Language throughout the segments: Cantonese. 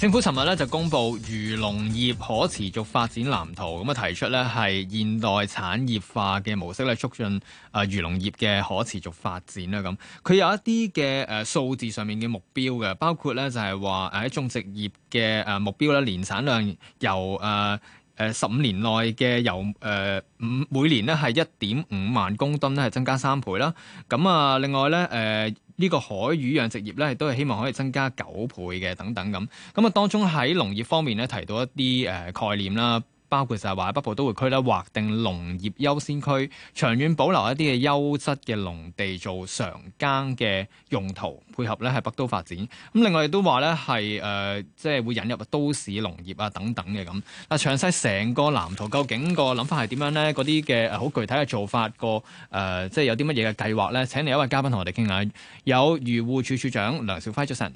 政府尋日咧就公布漁農業可持續發展藍圖，咁啊提出咧係現代產業化嘅模式咧促進啊漁農業嘅可持續發展啦。咁佢有一啲嘅數字上面嘅目標嘅，包括咧就係話誒種植業嘅目標咧，年產量由誒誒十五年內嘅由誒五每年咧係一點五萬公噸咧係增加三倍啦。咁啊另外咧呢、這個海魚養殖業咧，都係希望可以增加九倍嘅等等咁。咁啊，當中喺農業方面咧，提到一啲、呃、概念啦。包括就係話北部都會區咧，劃定農業優先區，長遠保留一啲嘅優質嘅農地做常耕嘅用途，配合咧係北都發展。咁另外亦都話咧係誒，即係會引入都市農業啊等等嘅咁。啊，詳細成個藍圖究竟個諗法係點樣咧？嗰啲嘅好具體嘅做法，個、呃、誒即係有啲乜嘢嘅計劃咧？請嚟一位嘉賓同我哋傾下。有漁護署署長梁肇輝，早晨。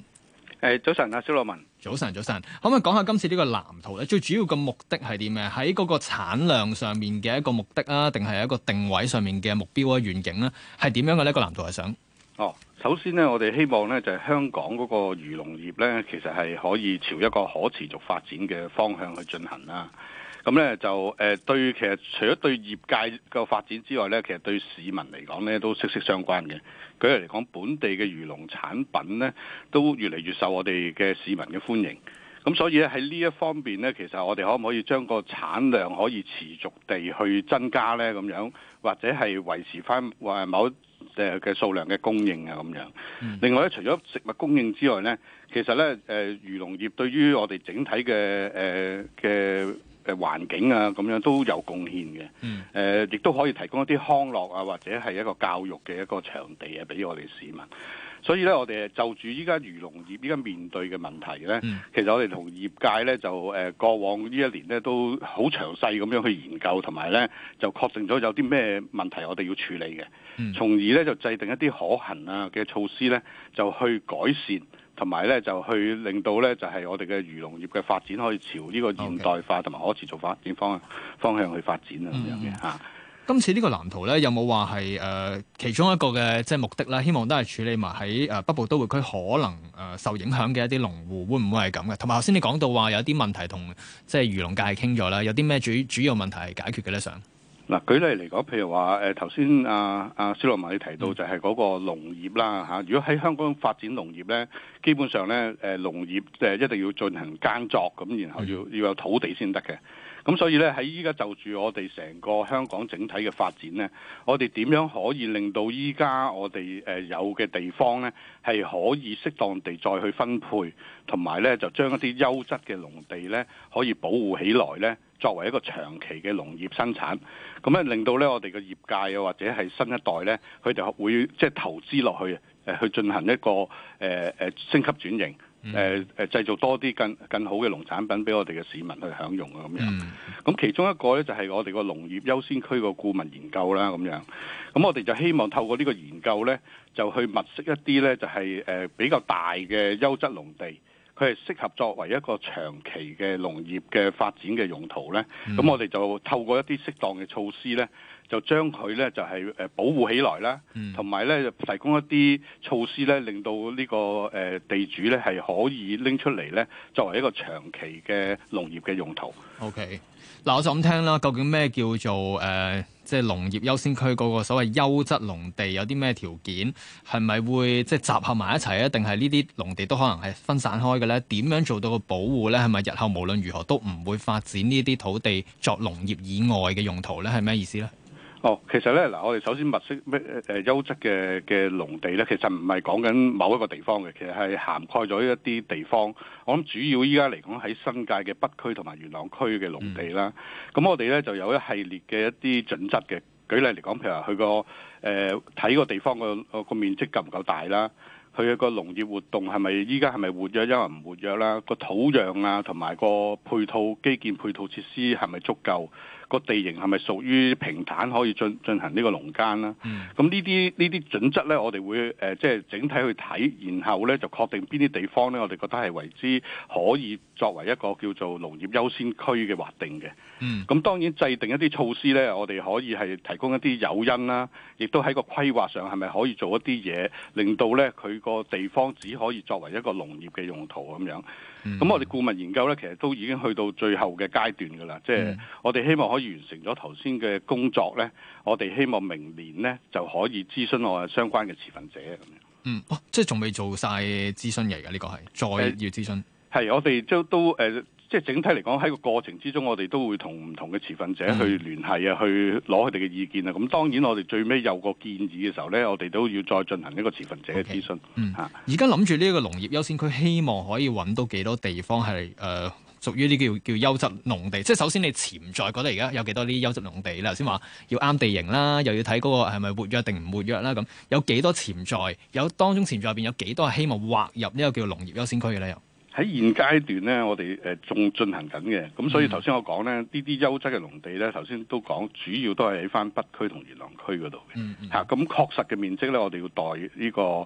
誒，早晨阿肖羅文。早晨，早晨，可唔可以講下今次呢個藍圖咧？最主要嘅目的係啲咩？喺嗰個產量上面嘅一個目的啊，定係一個定位上面嘅目標啊、願景咧，係點樣嘅呢個藍圖係想。哦，首先呢，我哋希望呢，就係香港嗰個漁農業咧，其實係可以朝一個可持續發展嘅方向去進行啦。咁咧就誒對，其實除咗對業界嘅發展之外咧，其實對市民嚟講咧都息息相關嘅。舉例嚟講，本地嘅漁農產品咧都越嚟越受我哋嘅市民嘅歡迎。咁所以咧喺呢一方面咧，其實我哋可唔可以將個產量可以持續地去增加咧？咁樣或者係維持翻誒某誒嘅數量嘅供應啊？咁樣。另外咧，除咗食物供應之外咧，其實咧誒漁農業對於我哋整體嘅誒嘅。呃嘅環境啊，咁樣都有貢獻嘅。誒、嗯，亦、呃、都可以提供一啲康樂啊，或者係一個教育嘅一個場地啊，俾我哋市民。所以咧，我哋就住依家漁農業依家面對嘅問題咧、嗯，其實我哋同業界咧就誒、呃、過往呢一年咧都好詳細咁樣去研究，同埋咧就確定咗有啲咩問題我哋要處理嘅、嗯，從而咧就制定一啲可行啊嘅措施咧，就去改善。同埋咧，就去令到咧，就係、是、我哋嘅漁農業嘅發展可以朝呢個現代化同埋、okay. 可持續發展方向方向去發展、嗯、啊咁樣嘅吓，今次呢個藍圖咧，有冇話係誒其中一個嘅即係目的啦？希望都係處理埋喺誒北部都會區可能誒受影響嘅一啲農戶，會唔會係咁嘅？同埋頭先你講到話，有啲問題同即係漁農界傾咗啦，有啲咩主主要問題係解決嘅咧上？嗱，舉例嚟講，譬如話，誒頭先阿阿施羅文你提到就係嗰個農業啦、啊，如果喺香港發展農業咧，基本上咧，誒農業一定要進行耕作，咁，然後要要有土地先得嘅。咁所以呢，喺依家就住我哋成個香港整體嘅發展呢，我哋點樣可以令到依家我哋誒有嘅地方呢，係可以適當地再去分配，同埋呢就將一啲優質嘅農地呢，可以保護起來呢，作為一個長期嘅農業生產，咁樣令到呢，我哋嘅業界或者係新一代呢，佢哋會即係投資落去，誒去進行一個誒誒、呃、升級轉型。誒、嗯、誒、呃呃，製造多啲更更好嘅農產品俾我哋嘅市民去享用啊！咁樣，咁、嗯、其中一個咧就係、是、我哋個農業優先區個顧問研究啦，咁樣。咁我哋就希望透過呢個研究咧，就去物色一啲咧，就係、是、誒、呃、比較大嘅優質農地，佢係適合作為一個長期嘅農業嘅發展嘅用途咧。咁、嗯、我哋就透過一啲適當嘅措施咧。就將佢咧就係誒保護起來啦，同埋咧就提供一啲措施咧，令到呢個誒地主咧係可以拎出嚟咧，作為一個長期嘅農業嘅用途。OK. 嗱，我就咁聽啦。究竟咩叫做誒即係農業優先區嗰個所謂優質農地有啲咩條件？係咪會即係、就是、集合埋一齊啊？定係呢啲農地都可能係分散開嘅咧？點樣做到個保護咧？係咪日後無論如何都唔會發展呢啲土地作農業以外嘅用途咧？係咩意思咧？哦，其實咧嗱，我哋首先物色咩、誒、呃、優質嘅嘅農地咧，其實唔係講緊某一個地方嘅，其實係涵蓋咗一啲地方。我諗主要依家嚟講喺新界嘅北區同埋元朗區嘅農地啦。咁、嗯、我哋咧就有一系列嘅一啲準則嘅。舉例嚟講，譬如話佢個誒睇個地方個個面積夠唔夠大啦，佢個個農業活動係咪依家係咪活躍，因為唔活躍啦，個土壤啊同埋個配套基建配套設施係咪足夠？個地形係咪屬於平坦可以進進行呢個農耕啦？咁呢啲呢啲準則呢，我哋會誒即係整體去睇，然後呢就確定邊啲地方呢，我哋覺得係為之可以作為一個叫做農業優先區嘅劃定嘅。咁、嗯、當然制定一啲措施呢，我哋可以係提供一啲誘因啦，亦都喺個規劃上係咪可以做一啲嘢，令到呢佢個地方只可以作為一個農業嘅用途咁樣。咁、嗯、我哋顧問研究呢，其實都已經去到最後嘅階段㗎啦，即、就、係、是、我哋希望。可以完成咗頭先嘅工作咧，我哋希望明年咧就可以諮詢我相關嘅持份者咁樣。嗯，哦、即係仲未做晒諮詢嚟㗎？呢、呢個係再要諮詢？係我哋都都誒，即、呃、係整體嚟講喺個過程之中，我哋都會同唔同嘅持份者去聯繫啊、嗯，去攞佢哋嘅意見啊。咁當然，我哋最尾有個建議嘅時候咧，我哋都要再進行一個持份者嘅諮詢。Okay, 嗯，吓、啊，而家諗住呢一個農業優先區，希望可以揾到幾多地方係誒。呃屬於呢啲叫叫優質農地，即係首先你潛在覺得而家有幾多啲優質農地啦？頭先話要啱地形啦，又要睇嗰個係咪活躍定唔活躍啦？咁有幾多潛在？有當中潛在入邊有幾多係希望劃入呢個叫農業優先區嘅咧？又喺現階段咧，我哋誒仲進行緊嘅，咁所以頭先我講咧，呢啲優質嘅農地咧，頭先都講主要都係喺翻北區同元朗區嗰度嘅。嚇，咁確實嘅面積咧，我哋要待呢個誒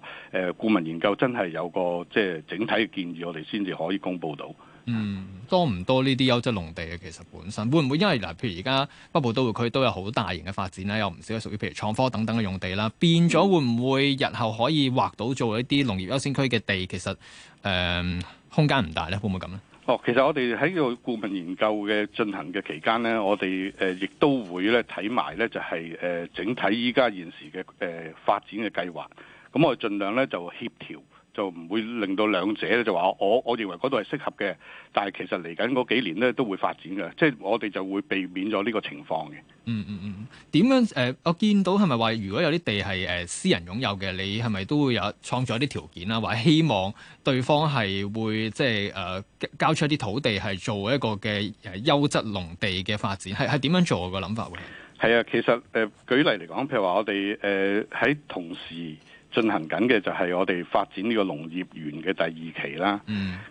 顧問研究，真係有個即係整體嘅建議，我哋先至可以公佈到。嗯，多唔多呢啲優質農地嘅其實本身會唔會因為嗱，譬如而家北部都會區都有好大型嘅發展咧，有唔少係屬於譬如創科等等嘅用地啦，變咗會唔會日後可以劃到做一啲農業優先區嘅地？其實誒、嗯、空間唔大咧，會唔會咁咧？哦，其實我哋喺個顧問研究嘅進行嘅期間咧，我哋誒亦都會咧睇埋咧，就係誒整體依家現時嘅誒發展嘅計劃，咁我哋盡量咧就協調。就唔會令到兩者咧，就話我我認為嗰度係適合嘅，但係其實嚟緊嗰幾年咧都會發展嘅，即係我哋就會避免咗呢個情況嘅。嗯嗯嗯，點、嗯、樣誒、呃？我見到係咪話如果有啲地係誒、呃、私人擁有嘅，你係咪都會有創造一啲條件呀，或者希望對方係會即係誒交出一啲土地係做一個嘅優質農地嘅發展？係係點樣做嘅、嗰個諗法係？係啊，其實誒、呃、舉例嚟講，譬如話我哋誒喺同時。進行緊嘅就係我哋發展呢個農業園嘅第二期啦。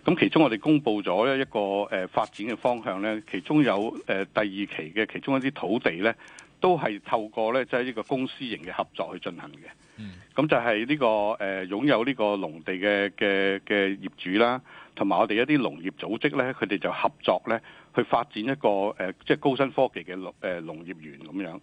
咁其中我哋公布咗一個、呃、發展嘅方向咧，其中有、呃、第二期嘅其中一啲土地咧，都係透過咧即係一個公司型嘅合作去進行嘅。咁就係呢、呢個、呃、擁有呢個農地嘅嘅嘅業主啦，同埋我哋一啲農業組織咧，佢哋就合作咧。去發展一個呃、即係、高新科技嘅農、呃、農業園咁樣。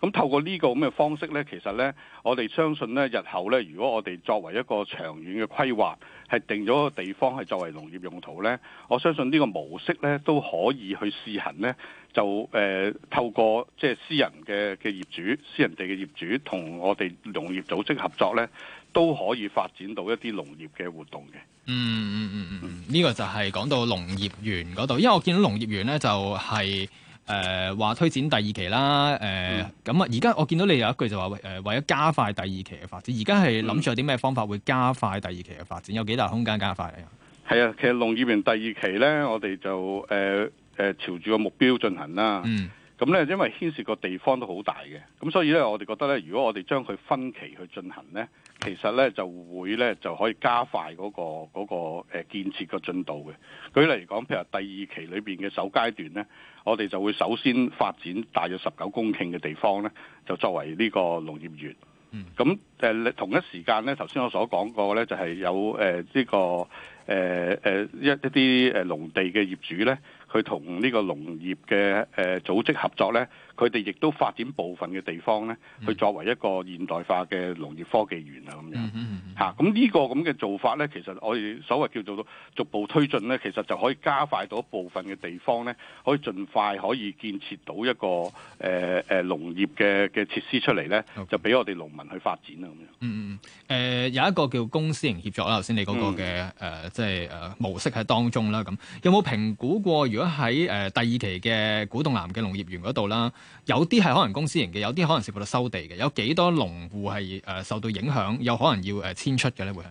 咁透過呢個咁嘅方式咧，其實咧，我哋相信咧，日後咧，如果我哋作為一個長遠嘅規劃，係定咗個地方係作為農業用途咧，我相信呢個模式咧都可以去試行咧，就、呃、透過即係私人嘅嘅業主、私人地嘅業主同我哋農業組織合作咧。都可以發展到一啲農業嘅活動嘅、嗯。嗯嗯嗯嗯嗯，呢、嗯這個就係講到農業園嗰度，因為我見到農業園咧就係誒話推展第二期啦。誒咁啊，而、嗯、家我見到你有一句就話誒為咗加快第二期嘅發展，而家係諗住有啲咩方法會加快第二期嘅發展、嗯，有幾大空間加快啊？係啊，其實農業園第二期咧，我哋就誒誒、呃、朝住個目標進行啦。嗯。咁、嗯、咧，因為牽涉個地方都好大嘅，咁所以咧，我哋覺得咧，如果我哋將佢分期去進行咧，其實咧就會咧就可以加快嗰、嗰個嗰、嗰個、建設個進度嘅。舉例嚟講，譬如第二期裏邊嘅首階段咧，我哋就會首先發展大約十九公頃嘅地方咧，就作為呢個農業園。咁、嗯呃、同一時間咧，頭先我所講過咧，就係、是、有誒呢、呃這個誒、呃呃、一一啲誒農地嘅業主咧。佢同呢個農業嘅誒組織合作咧佢哋亦都發展部分嘅地方咧，去作為一個現代化嘅農業科技園、嗯嗯嗯嗯、啊咁、這個、樣嚇。咁呢個咁嘅做法咧，其實我哋所謂叫做逐步推進咧，其實就可以加快到部分嘅地方咧，可以盡快可以建設到一個誒誒農業嘅嘅設施出嚟咧，就俾我哋農民去發展啊咁樣。嗯嗯嗯、呃。有一個叫公私營協作。啦，頭先你嗰個嘅誒即係誒模式喺當中啦。咁有冇評估過如果喺誒、呃、第二期嘅古洞南嘅農業園嗰度啦？有啲係可能公司型嘅，有啲可能涉及到收地嘅，有幾多農戶係誒受到影響，有可能要誒遷出嘅咧？會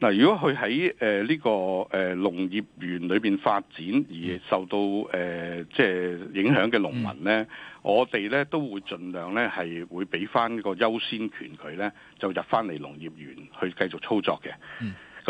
嗱，如果佢喺誒呢個誒農業園裏邊發展而受到誒、嗯呃、即係影響嘅農民咧、嗯，我哋咧都會盡量咧係會俾翻個優先權佢咧，就入翻嚟農業園去繼續操作嘅。咁、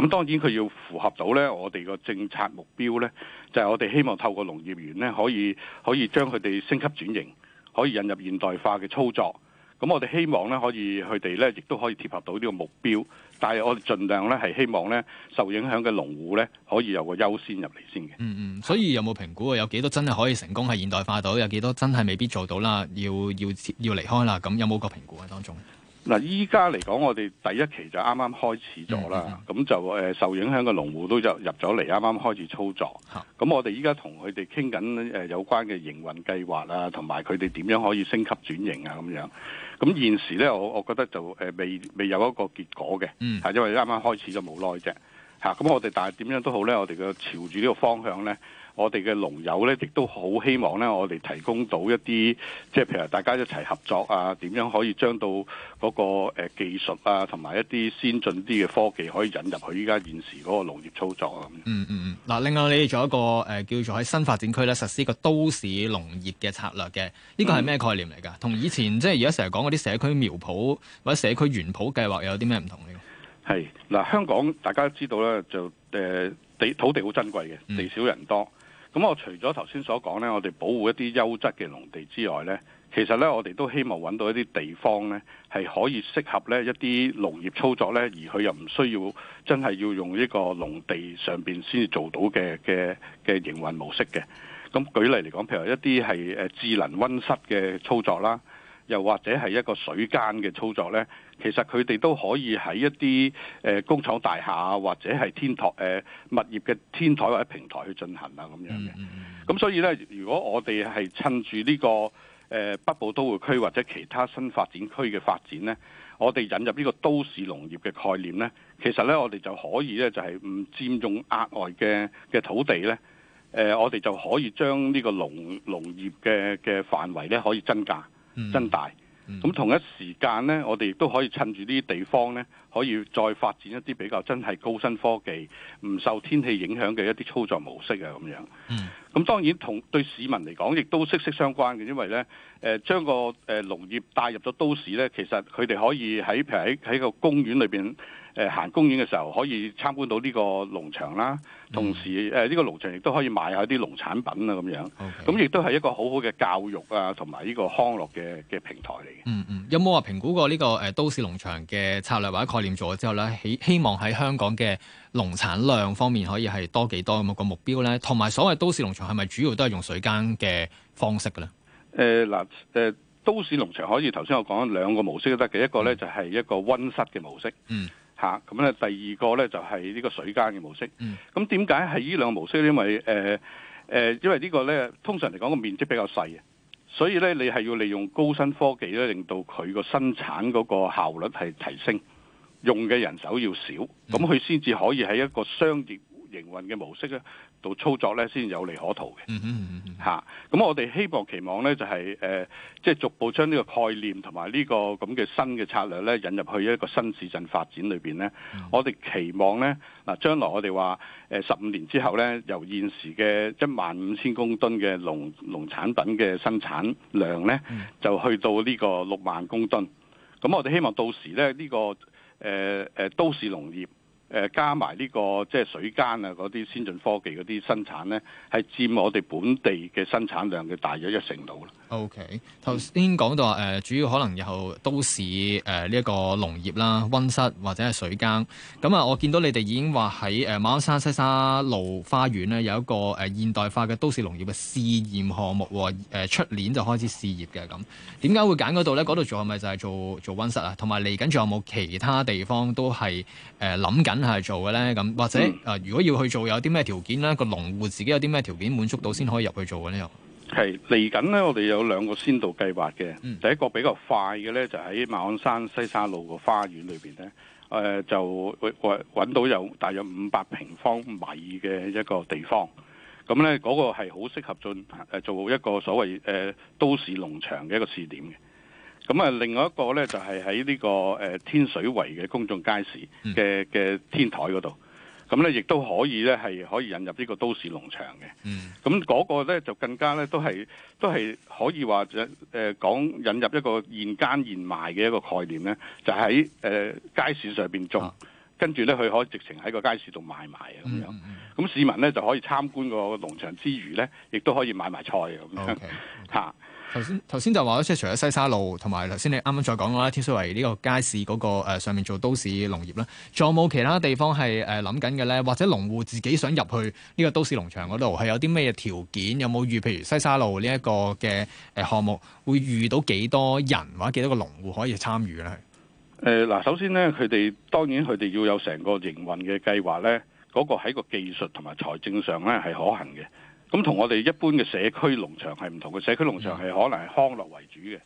嗯、當然佢要符合到咧，我哋個政策目標咧，就係、是、我哋希望透過農業園咧可以可以將佢哋升級轉型。可以引入現代化嘅操作，咁我哋希望咧可以佢哋咧亦都可以貼合到呢個目標，但係我哋盡量咧係希望咧受影響嘅農戶咧可以有個優先入嚟先嘅。嗯嗯，所以有冇評估啊？有幾多真係可以成功係現代化到？有幾多真係未必做到啦？要要要離開啦？咁有冇個評估喺當中？嗱，依家嚟講，我哋第一期就啱啱開始咗啦，咁、mm -hmm. 就、呃、受影響嘅農戶都就入咗嚟，啱啱開始操作。咁、mm -hmm. 我哋依家同佢哋傾緊呃、有關嘅營運計劃啊，同埋佢哋點樣可以升級轉型啊咁樣。咁現時咧，我我覺得就、呃、未未有一個結果嘅，係、mm -hmm. 因為啱啱開始咗冇耐啫。嚇、啊！咁我哋但係點樣都好咧，我哋嘅朝住呢個方向咧。我哋嘅農友咧，亦都好希望咧，我哋提供到一啲，即係譬如大家一齊合作啊，點樣可以將到嗰個技術啊，同埋一啲先進啲嘅科技可以引入去依家現時嗰個農業操作啊咁。嗯嗯嗯，嗱，另外你哋仲有一個誒、呃、叫做喺新發展區咧實施個都市農業嘅策略嘅，呢、這個係咩概念嚟㗎？同、嗯、以前即係而家成日講嗰啲社區苗圃或者社區園圃計劃有啲咩唔同呢？係嗱、嗯，香港大家都知道咧，就誒地土地好珍貴嘅、嗯，地少人多。咁我除咗頭先所講咧，我哋保護一啲優質嘅農地之外咧，其實咧我哋都希望揾到一啲地方咧，係可以適合咧一啲農業操作咧，而佢又唔需要真係要用呢個農地上面先至做到嘅嘅嘅營運模式嘅。咁舉例嚟講，譬如一啲係誒智能溫室嘅操作啦。又或者係一個水間嘅操作呢，其實佢哋都可以喺一啲誒、呃、工廠大廈、啊、或者係天台誒、呃、物業嘅天台或者平台去進行啊，咁樣嘅。咁所以呢，如果我哋係趁住呢、呢個誒、呃、北部都會區或者其他新發展區嘅發展呢，我哋引入呢個都市農業嘅概念呢，其實呢，我哋就可以呢，就係唔佔用額外嘅嘅土地呢。誒、呃、我哋就可以將呢個農農業嘅嘅範圍呢，可以增加。增大，咁同一時間呢，我哋亦都可以趁住呢啲地方呢，可以再發展一啲比較真係高新科技、唔受天氣影響嘅一啲操作模式啊，咁樣。咁當然同對市民嚟講，亦都息息相關嘅，因為呢，誒將個誒農業帶入咗都市呢，其實佢哋可以喺譬如喺喺個公園裏邊。誒、呃、行公園嘅時候，可以參觀到呢個農場啦。同時，誒、嗯、呢、呃這個農場亦都可以賣下啲農產品啊咁樣。咁亦都係一個好好嘅教育啊，同埋呢個康樂嘅嘅平台嚟嘅。嗯嗯，有冇話評估過呢個誒都市農場嘅策略或者概念做咗之後呢，希望喺香港嘅農產量方面可以係多幾多咁個目標呢？同埋所謂都市農場係咪主要都係用水耕嘅方式呢？咧、呃？嗱、呃、誒，都市農場可以頭先我講兩個模式都得嘅，一個呢、嗯、就係、是、一個溫室嘅模式。嗯。咁、吓、咧第二個咧就係、是、呢個水間嘅模式。咁點解係呢兩個模式咧？因為誒、呃呃、因為個呢個咧通常嚟講個面積比較細，所以咧你係要利用高新科技咧，令到佢個生產嗰個效率係提升，用嘅人手要少，咁佢先至可以喺一個商業。營運嘅模式咧，到操作咧先有利可圖嘅。嚇、嗯嗯，咁、啊、我哋希望期望咧就係、是、誒，即、呃、係、就是、逐步將呢個概念同埋呢個咁嘅新嘅策略咧，引入去一個新市鎮發展裏邊咧。我哋期望咧嗱、啊，將來我哋話誒十五年之後咧，由現時嘅一萬五千公噸嘅農農產品嘅生產量咧、嗯，就去到呢個六萬公噸。咁我哋希望到時咧呢、這個誒誒、呃呃、都市農業。加埋呢個即係水耕啊，嗰啲先進科技嗰啲生產咧，係佔我哋本地嘅生產量嘅大約一成度。啦、okay,。O K. 頭先講到話主要可能有都市呢一、呃這個農業啦、溫室或者係水耕。咁啊，我見到你哋已經話喺誒馬鞍山西沙路花園咧有一個誒現代化嘅都市農業嘅試驗項目，誒、呃、出年就開始試業嘅咁。點解會揀嗰度咧？嗰度做係咪就係做做溫室啊？同埋嚟緊仲有冇其他地方都係諗緊？呃係做嘅咧，咁或者啊，如果要去做，有啲咩條件咧？個農戶自己有啲咩條件滿足到先可以入去做嘅呢？又係嚟緊咧，我哋有兩個先導計劃嘅。第一個比較快嘅咧，就喺馬鞍山西沙路個花園裏邊咧，誒、呃、就搵到有大約五百平方米嘅一個地方。咁咧，嗰個係好適合進誒做一個所謂誒、呃、都市農場嘅一個試點嘅。咁啊，另外一個咧就係喺呢個誒、呃、天水圍嘅公眾街市嘅嘅、嗯、天台嗰度，咁咧亦都可以咧係可以引入呢個都市農場嘅。嗯，咁、那、嗰個咧就更加咧都係都係可以話誒講引入一個現間現賣嘅一個概念咧，就喺、是、誒、呃、街市上面種，啊、跟住咧佢可以直情喺個街市度賣賣啊咁樣。咁市民咧就可以參觀個農場之餘咧，亦都可以買埋菜咁樣嚇。Okay, okay, 啊頭先頭先就話咗，即係除咗西沙路同埋頭先你啱啱再講嘅話，天水圍呢個街市嗰、那個、呃、上面做都市農業啦，仲有冇其他地方係誒諗緊嘅咧？或者農戶自己想入去呢個都市農場嗰度，係有啲咩條件？有冇遇譬如西沙路呢一個嘅誒項目，會遇到幾多人或者幾多個農戶可以參與咧？誒、呃、嗱，首先咧，佢哋當然佢哋要有成個營運嘅計劃咧，嗰、那個喺個技術同埋財政上咧係可行嘅。咁同我哋一般嘅社區農場係唔同嘅，社區農場係可能係康樂為主嘅。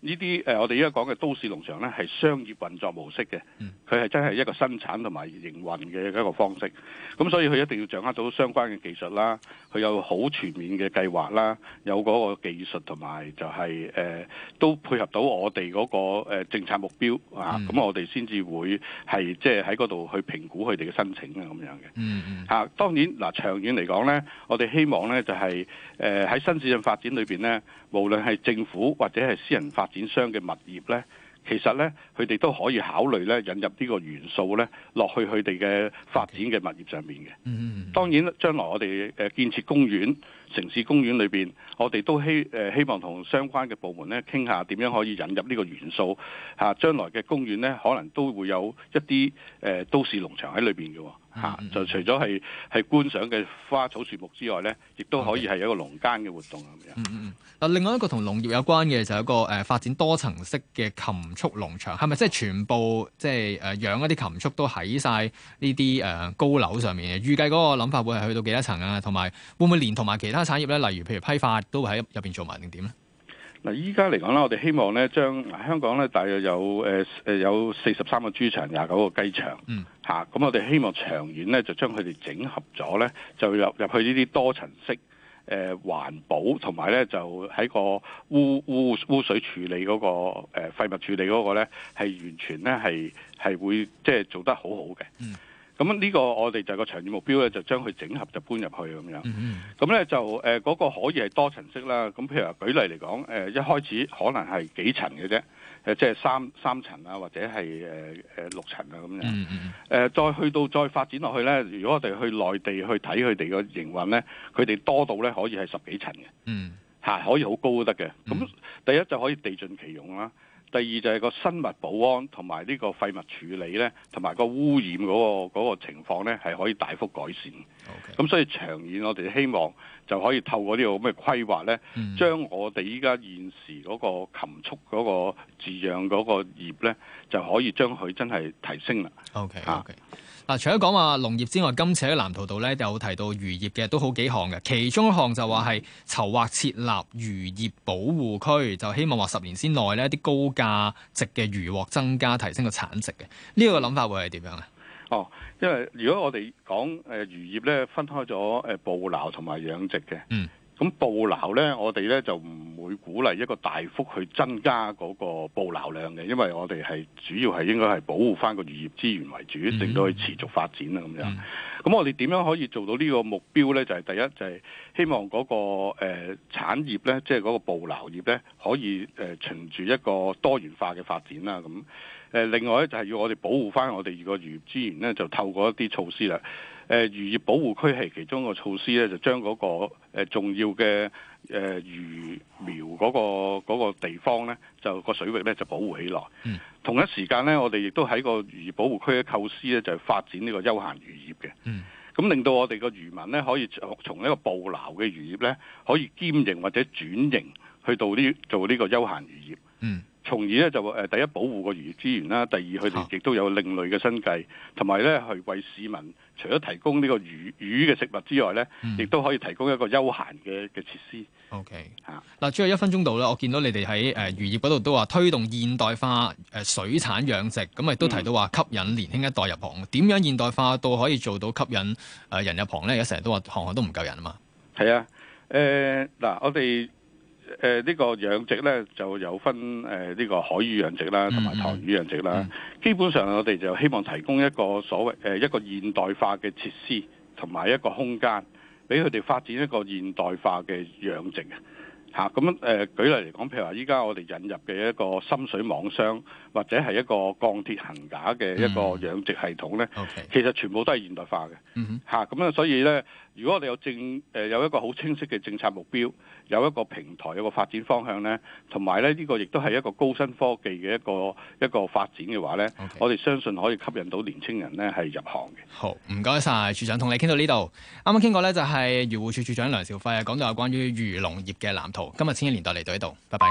呢啲誒，我哋而家講嘅都市農場咧，係商業運作模式嘅，佢係真係一個生產同埋營運嘅一個方式。咁所以佢一定要掌握到相關嘅技術啦，佢有好全面嘅計劃啦，有嗰個技術同埋就係、係、誒、呃、都配合到我哋嗰、嗰個、呃、政策目標啊。咁、嗯、我哋先至會係即係喺嗰度去評估佢哋嘅申請啊，咁樣嘅嚇。當然嗱、呃，長遠嚟講咧，我哋希望咧就係誒喺新市鎮發展裏邊咧，無論係政府或者係私人發發展商嘅物業咧，其實咧，佢哋都可以考慮咧引入呢個元素咧落去佢哋嘅發展嘅物業上面嘅。嗯，當然將來我哋誒建設公園。城市公園裏邊，我哋都希誒、呃、希望同相關嘅部門咧傾下，點樣可以引入呢個元素吓將、啊、來嘅公園咧，可能都會有一啲誒、呃、都市農場喺裏邊嘅吓，就除咗係係觀賞嘅花草樹木之外咧，亦都可以係一個農耕嘅活動啊！嗯嗯嗱、嗯嗯嗯，另外一個同農業有關嘅就係一個誒、呃、發展多層式嘅禽畜農場，係咪即係全部即係誒養一啲禽畜都喺晒呢啲誒高樓上面嘅？預計嗰個諗法會係去到幾多層啊？同埋會唔會連同埋其他？其他產業咧，例如譬如批發都喺入邊做埋定點咧？嗱，依家嚟講咧，我哋希望咧，將香港咧大約有誒誒有四十三個豬場，廿九個雞場，嗯，吓，咁我哋希望長遠咧，就將佢哋整合咗咧，就入入去呢啲多層式誒環保，同埋咧就喺個污污污水處理嗰個誒廢物處理嗰個咧，係完全咧係係會即係做得好好嘅。咁呢個我哋就個長遠目標咧，就將佢整合就搬入去咁樣。咁、嗯、咧、嗯、就誒嗰、呃那個可以係多層式啦。咁譬如話舉例嚟講，誒、呃、一開始可能係幾層嘅啫，即、呃、係、就是、三三層啊，或者係、呃、六層啊咁樣，嗯嗯呃。再去到再發展落去咧，如果我哋去內地去睇佢哋個營運咧，佢哋多到咧可以係十幾層嘅。嗯，係可以好高都得嘅。咁，嗯、第一就可以地盡其用啦。第二就係個生物保安同埋呢個廢物處理咧，同埋個污染嗰個嗰個情況咧，係可以大幅改善。咁、okay，所以長遠，我哋希望就可以透過呢個咩規劃咧，將我哋依家現時嗰個禽畜嗰個飼養嗰個業咧，就可以將佢真係提升啦。O K O K 嗱，除咗講話農業之外，今次喺藍圖度咧有提到漁業嘅，都好幾項嘅。其中一項就話係籌劃設立漁業保護區，就希望話十年之內咧，啲高價值嘅漁獲增加，提升個產值嘅。呢、這個諗法會係點樣啊？哦，因為如果我哋講誒漁業咧，分開咗誒捕撈同埋養殖嘅，嗯，咁捕撈咧，我哋咧就唔會鼓勵一個大幅去增加嗰個捕撈量嘅，因為我哋係主要係應該係保護翻個漁業資源為主，令到佢持續發展啊咁樣。咁、嗯、我哋點樣可以做到呢個目標咧？就係、是、第一就係、是、希望嗰、那個誒、呃、產業咧，即係嗰個捕撈業咧，可以誒、呃、循住一個多元化嘅發展啦咁。誒，另外咧就係要我哋保護翻我哋個漁業資源咧，就透過一啲措施啦。誒、呃，漁業保護區係其中一個措施咧，就將嗰、那個誒、呃、重要嘅誒、呃、魚苗嗰、那個、那個地方咧，就個水域咧就保護起來，嗯。同一時間咧，我哋亦都喺個漁業保護區嘅構思咧，就發展呢個休閒漁業嘅。咁、嗯、令到我哋個漁民咧，可以從呢一個捕撈嘅漁業咧，可以兼營或者轉型去到呢做呢個休閒漁業。嗯。從而咧就誒第一，保護個漁業資源啦，第二佢哋亦都有另類嘅生計，同埋咧去為市民除咗提供呢個魚魚嘅食物之外咧，亦、嗯、都可以提供一個休閒嘅嘅設施。O K 吓嗱，最後一分鐘度咧，我見到你哋喺誒漁業嗰度都話推動現代化誒水產養殖，咁亦都提到話吸引年輕一代入行。點、嗯、樣現代化到可以做到吸引誒人入行咧？而家成日都話行行都唔夠人嘛，係啊。係啊，誒嗱，我哋。誒、呃這個、呢個養殖咧就有分誒呢、呃這個海魚養殖啦，同埋塘魚養殖啦。Mm -hmm. 基本上我哋就希望提供一個所謂誒、呃、一個現代化嘅設施同埋一個空間，俾佢哋發展一個現代化嘅養殖啊！咁、嗯、誒、呃、舉例嚟講，譬如話依家我哋引入嘅一個深水網箱，或者係一個鋼鐵桁架嘅一個養殖系統咧，mm -hmm. 其實全部都係現代化嘅。咁、mm -hmm. 啊嗯、所以咧。如果我哋有政，誒有一個好清晰嘅政策目標，有一個平台，有一個發展方向，還有呢，同埋呢呢個亦都係一個高新科技嘅一個一個發展嘅話呢，okay. 我哋相信可以吸引到年青人呢係入行嘅。好，唔該晒，署長，同你傾到呢度。啱啱傾過呢，就係漁護署署長梁肇輝講到有關於漁農業嘅藍圖。今日千禧年代嚟到呢度，拜拜。